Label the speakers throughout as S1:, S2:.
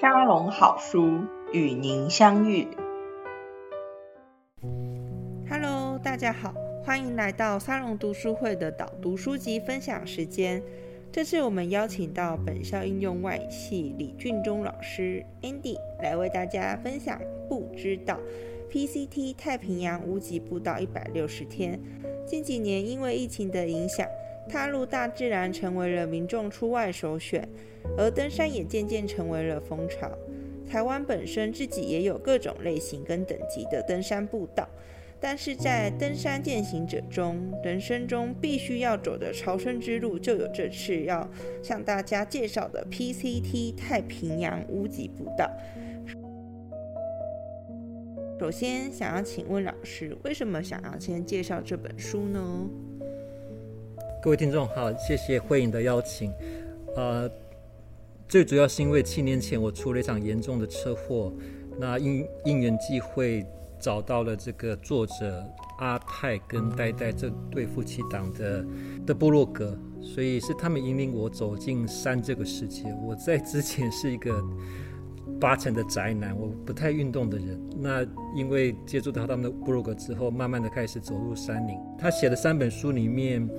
S1: 沙龍好書與您相遇。Hello，大家好，歡迎來到沙龍讀書會的導讀書籍分享時間。這次我們邀請到本校應用外語系李俊忠老師 Andy 來為大家分享《步知道 PCT 太平洋屋脊步道一百六十天》。近幾年因為疫情的影響，踏入大自然成為了民眾出外首選，而登山也漸漸成為了風潮。台灣本身自己也有各種類型跟等級的登山步道，但是在登山健行者中，人生中必須要走的朝聖之路，就有這次要向大家介紹的 PCT 太平洋屋脊步道。首先，想要請問老師，為什麼想要先介紹這本書呢？
S2: 各位聽眾好，謝謝慧影的邀請。呃，最主要是因為七年前我出了一場嚴重的車禍，那因因緣際會找到了這個作者阿泰跟呆呆這對夫妻檔的的部落格，所以是他們引領我走進山這個世界。我在之前是一個八成的宅男，我不太運動的人。那因為接觸到他們的部落格之後，慢慢的開始走入山林。他寫的三本書裡面，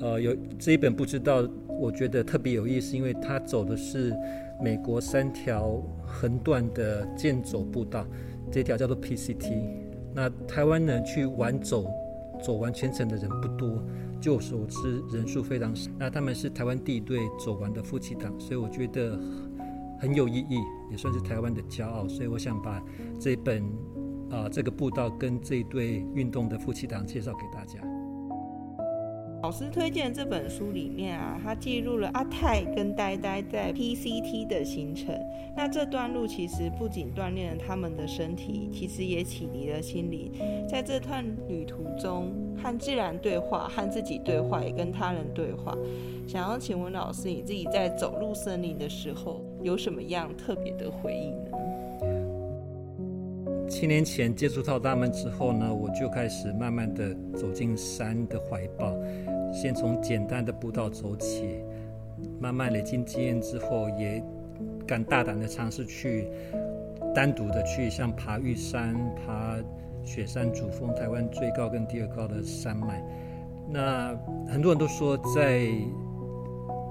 S2: 呃，有這一本步知道，我覺得特別有意思，因為它走的是美國三條橫斷的健走步道，這條叫做 PCT。那台灣呢，去玩走走完全程的人不多，就我所知人數非常少。那他們是台灣第一對走完的夫妻檔，所以我覺得很有意義，也算是台灣的驕傲。所以我想把這一本啊、呃，這個步道跟這一對運動的夫妻檔介紹給大家。
S1: 老師推薦這本書裡面啊，它記錄了阿泰跟呆呆在 PCT 的行程。那這段路其實不僅鍛鍊了他們的身體，其實也啟迪了心靈。在這趟旅途中，和自然對話，和自己對話，也跟他人對話。想要請問老師，你自己在走入森林的時候有什麼樣特別的回憶呢？
S2: 七年前接觸到他們之後呢，我就開始慢慢的走進山的懷抱。先從簡單的步道走起，慢慢累積經驗之後，也敢大膽的嘗試去單獨的去像爬玉山、爬雪山主峰，台灣最高跟第二高的山脈。那很多人都說，在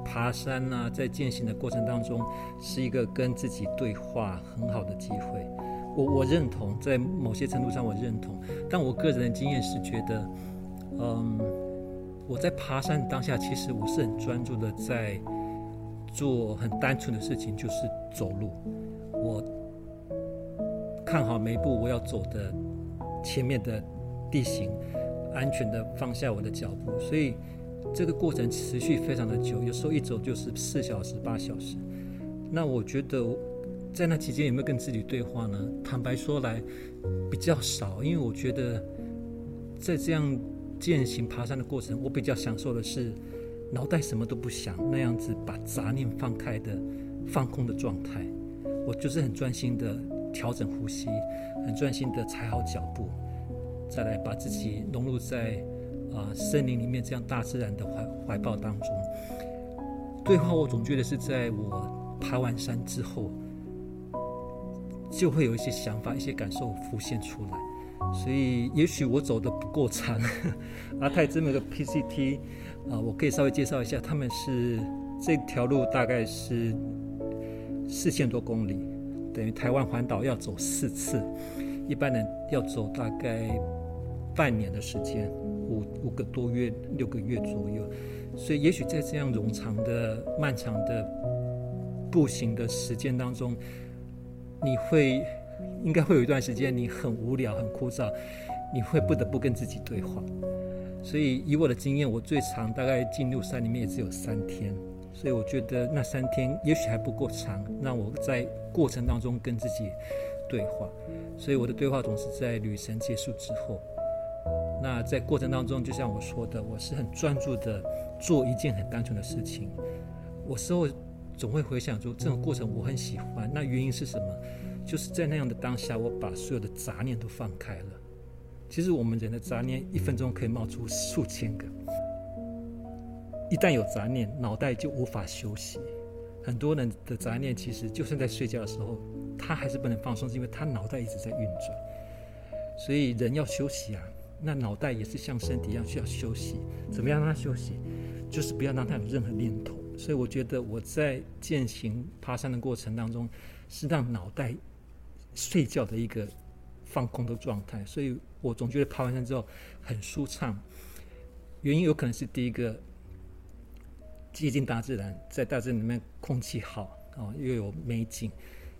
S2: 爬山呢、啊，在健行的過程當中，是一個跟自己對話很好的機會。我我認同，在某些程度上我認同，但我個人的經驗是覺得，嗯。我在爬山當下，其實我是很專注的，在做很單純的事情，就是走路。我看好每一步我要走的前面的地形，安全的放下我的腳步。所以這個過程持續非常的久，有時候一走就是四小時、八小時。那我覺得在那期間有沒有跟自己對話呢？坦白說來比較少，因為我覺得在這樣。健行爬山的過程，我比較享受的是腦袋什麼都不想那樣子，把雜念放開的放空的狀態。我就是很專心的調整呼吸，很專心的踩好腳步，再來把自己融入在啊森林裡面這樣大自然的懷懷抱當中。最後，我總覺得是在我爬完山之後，就會有一些想法、一些感受浮現出來。所以，也許我走的不夠長。阿泰這麼個 PCT 啊，我可以稍微介紹一下，他們是這條路大概是四千多公里，等於台灣環島要走四次。一般人要走大概半年的時間，五五個多月、六個月左右。所以，也許在這樣冗長的、漫長的步行的時間當中，你會。應該會有一段時間，你很無聊、很枯燥，你會不得不跟自己對話。所以以我的經驗，我最長大概進入山裡面也只有三天，所以我覺得那三天也許還不夠長，讓我在過程當中跟自己對話。所以我的對話總是在旅程結束之後。那在過程當中，就像我說的，我是很專注地做一件很單純的事情。我事後總會回想着這種過程，我很喜歡。那原因是什麼？就是在那樣的當下，我把所有的雜念都放開了。其實我們人的雜念，一分鐘可以冒出數千個。一旦有雜念，腦袋就無法休息。很多人的雜念，其實就算在睡覺的時候，他還是不能放鬆，是因為他腦袋一直在運轉。所以人要休息啊，那腦袋也是像身體一樣需要休息。怎麼樣讓他休息？就是不要讓他有任何念頭。所以我覺得我在健行爬山的過程當中，是讓腦袋。睡覺的一個放空的狀態，所以我總覺得爬完山之後很舒暢。原因有可能是第一個接近大自然，在大自然裡面空氣好啊，又有美景，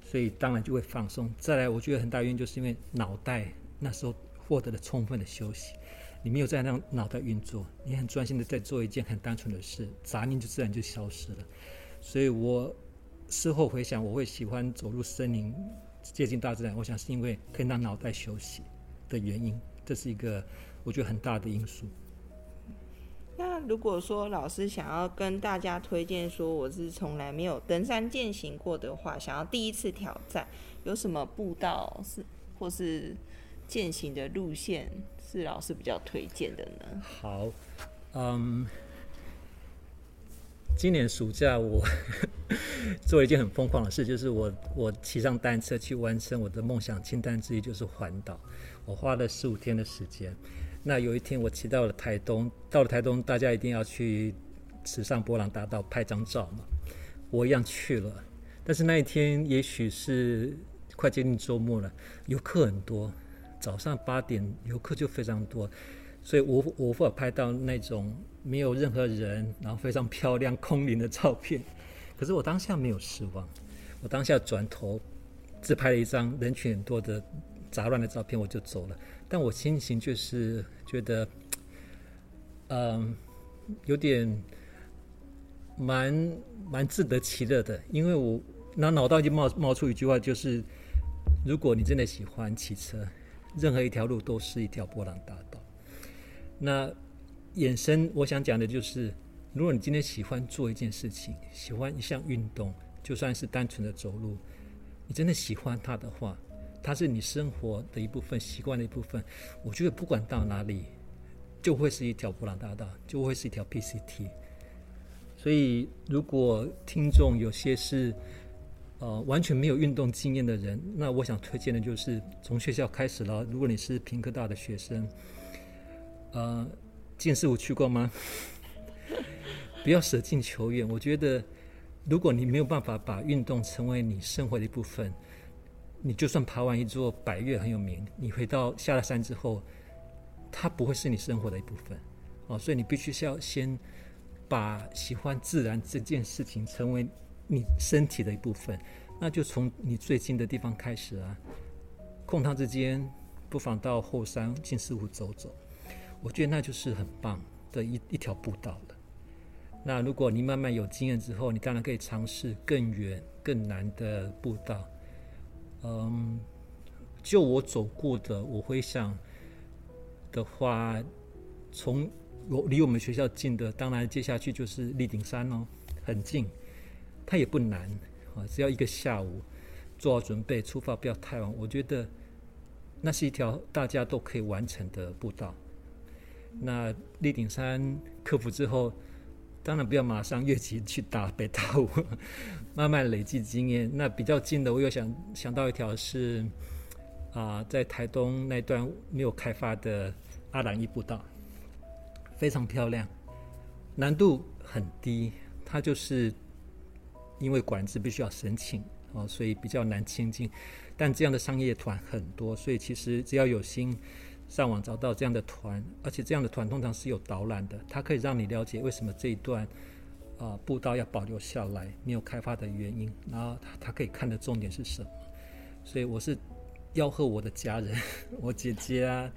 S2: 所以當然就會放鬆。再來，我覺得很大原因就是因為腦袋那時候獲得了充分的休息，你沒有在讓腦袋運作，你很專心的在做一件很單純的事，雜念就自然就消失了。所以我事後回想，我會喜歡走入森林。接近大自然，我想是因為可以讓腦袋休息的原因，這是一個我覺得很大的因素。
S1: 那如果說老師想要跟大家推薦，說我是從來沒有登山健行過的話，想要第一次挑戰，有什麼步道是或是健行的路線是老師比較推薦的呢？
S2: 好，嗯、um。今年暑假，我 做一件很瘋狂的事，就是我我騎上單車去完成我的夢想清單之一，就是環島，我花了十五天的時間。那有一天，我騎到了台東，到了台東，大家一定要去池上波浪大道拍張照嘛，我一樣去了。但是那一天，也許是快接近週末了，遊客很多，早上八點遊客就非常多。所以我我無法拍到那種沒有任何人，然後非常漂亮、空靈的照片。可是我當下沒有失望，我當下轉頭自拍了一張人群很多的雜亂的照片，我就走了。但我心情就是覺得，嗯、呃，有點蠻蠻自得其樂的，因為我那腦袋就冒冒出一句話，就是如果你真的喜歡騎車，任何一條路都是一條波浪大道。那衍生，我想講的就是，如果你今天喜歡做一件事情，喜歡一項運動，就算是單純的走路，你真的喜歡它的話，它是你生活的一部分，習慣的一部分。我覺得不管到哪裡，就會是一條波瀾大道，就會是一條 PCT。所以，如果聽眾有些是呃完全沒有運動經驗的人，那我想推薦的就是從學校開始了。如果你是屏科大的學生，呃，靜思湖去過嗎？不要捨近求遠。我覺得，如果你沒有辦法把運動成為你生活的一部分，你就算爬完一座百岳很有名，你回到下了山之後，它不會是你生活的一部分。哦，所以你必須是要先把喜歡自然這件事情成為你身體的一部分。那就從你最近的地方開始啊，空堂之間，不妨到後山靜思湖走走。我覺得那就是很棒的一一條步道了。那如果你慢慢有經驗之後，你當然可以嘗試更遠、更難的步道。嗯，就我走過的，我回想的話，從我離我們學校近的，當然接下去就是笠頂山哦，很近，它也不難啊，只要一個下午做好準備，出發不要太晚，我覺得那是一條大家都可以完成的步道。那笠頂山克服之後，當然不要馬上越級去打北大武，慢慢累積經驗。那比較近的，我又想想到一條是，啊、呃，在台東那段沒有開發的阿朗壹步道，非常漂亮，難度很低。它就是因為管制必須要申請哦，所以比較難親近。但這樣的商業團很多，所以其實只要有心。上網找到這樣的團，而且這樣的團通常是有導覽的，它可以讓你了解為什麼這一段啊、呃、步道要保留下來沒有開發的原因，然後它它可以看的重點是什麼。所以我是要和我的家人，我姐姐啊，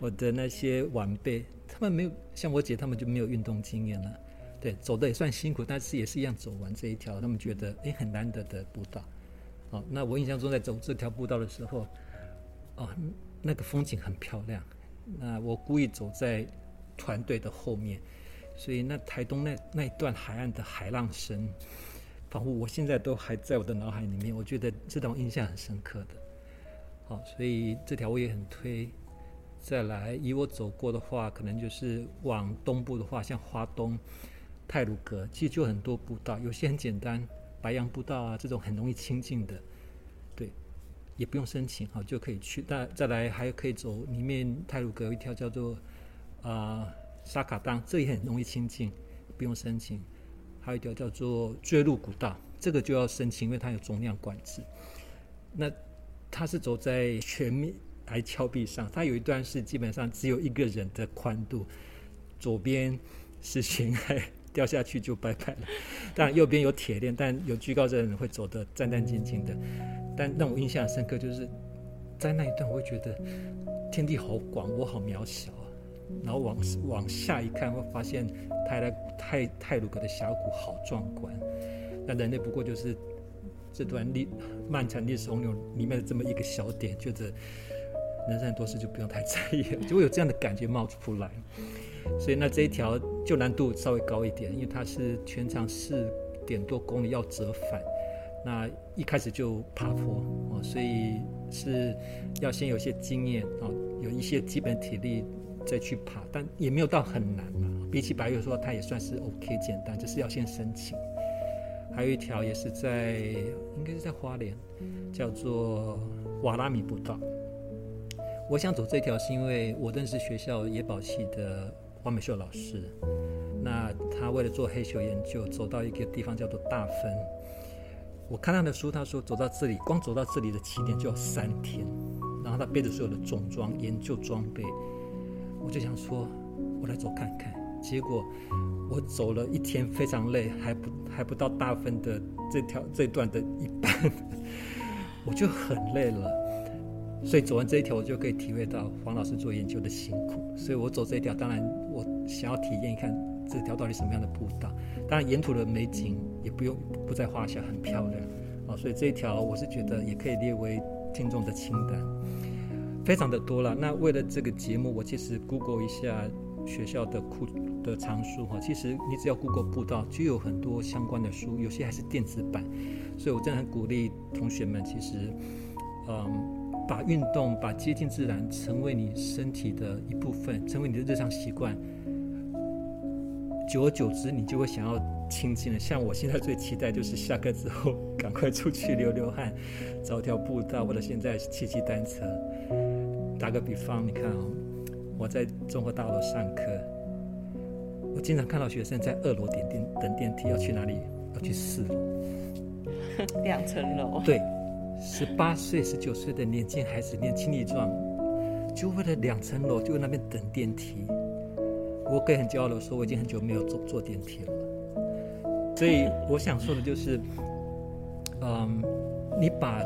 S2: 我的那些晚輩，他們沒有像我姐他們就沒有運動經驗了，對，走得也算辛苦，但是也是一樣走完這一條，他們覺得誒、欸，很難得的步道。好、哦，那我印象中在走這條步道的時候，啊、哦。那個風景很漂亮，那我故意走在團隊的後面，所以那台東那那一段海岸的海浪聲，仿佛我現在都還在我的腦海裡面。我覺得這段印象很深刻的，好，所以這條我也很推。再來，以我走過的話，可能就是往東部的話，像花東、太魯閣，其實就很多步道，有些很簡單，白楊步道啊，這種很容易親近的。也不用申請，好，就可以去。但再來還可以走裡面太魯閣有一條叫做啊、呃、砂卡礑，這也很容易親近，不用申請。還有一條叫做錐麓古道，這個就要申請，因為它有總量管制。那它是走在懸崖峭壁上，它有一段是基本上只有一個人的寬度，左邊是懸崖，掉下去就拜拜了。但右邊有鐵鏈，但有居高的人會走得戰戰兢兢的。但讓我印象深刻，就是在那一段，我會覺得天地好廣，我好渺小啊。然後往往下一看，會發現太魯太太魯閣的峽谷好壯觀。那人類不過就是這段歷漫長歷史洪流裡面的這麼一個小點，覺得人生多事就不用太在意了，就會有這樣的感覺冒出出來。所以那這一條就難度稍微高一點，因為它是全長四點多公里，要折返。那一開始就爬坡哦，所以是要先有些經驗哦，有一些基本體力再去爬，但也沒有到很難。比起百岳說，它也算是 OK 簡單，就是要先申請。還有一條也是在，應該是在花蓮，叫做瓦拉米步道。我想走這條是因為我認識學校野保系的黃美秀老師，那他為了做黑熊研究，走到一個地方叫做大分。我看他的書，他說走到這裡，光走到這裡的起點就要三天，然後他背着所有的重裝研究裝備，我就想說，我來走看看。結果我走了一天，非常累，還不還不到大分的這條這段的一半，我就很累了。所以走完這一條，我就可以體會到黃老師做研究的辛苦。所以我走這一條，當然我想要體驗一看。這條到底什麼樣的步道？當然，沿途的美景也不用不在話下，很漂亮啊！所以這一條我是覺得也可以列為聽眾的清單，非常的多了。那為了這個節目，我其實 Google 一下學校的庫的藏書哈。其實你只要 Google 步道，就有很多相關的書，有些還是電子版。所以我真的很鼓勵同學們，其實嗯，把運動、把接近自然成為你身體的一部分，成為你的日常習慣。久而久之，你就會想要清靜了。像我現在最期待就是下課之後趕快出去流流汗，找條步道，或者現在騎騎單車。打個比方，你看啊、哦，我在綜合大樓上課，我經常看到學生在二樓點電等電梯，要去哪裡？要去四樓。
S1: 兩層樓。對，
S2: 十八歲、十九歲的年輕孩子，年輕力壯，就為了兩層樓，就在那邊等電梯。我可以很驕傲的說，我已經很久沒有坐坐電梯了。所以我想說的就是，嗯，嗯嗯，你把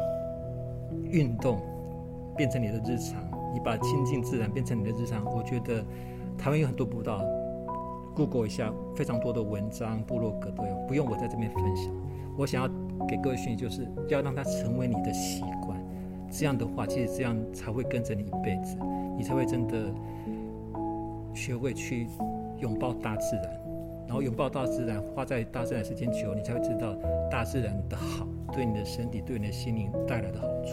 S2: 運動變成你的日常，你把親近自然變成你的日常，我覺得台灣有很多步道，Google 一下，非常多的文章、部落格都有，不用我在這邊分享。我想要給各位訊息，就是要讓它成為你的習慣，這樣的話，其實這樣才會跟着你一輩子，你才會真的。學會去擁抱大自然，然後擁抱大自然，花在大自然時間久，你才會知道大自然的好，對你的身體、對你的心靈帶來的好處。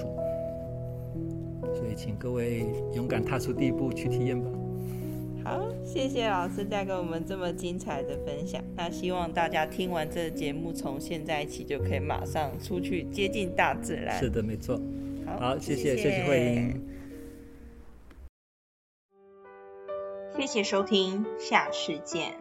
S2: 所以，請各位勇敢踏出第一步去體驗吧。好，
S1: 謝謝老師帶給我們這麼精彩的分享。那希望大家聽完這個節目，從現在起就可以馬上出去接近大自然。是的，
S2: 沒錯。好，好謝謝，謝謝慧英。謝謝
S1: 謝謝收聽，下次見。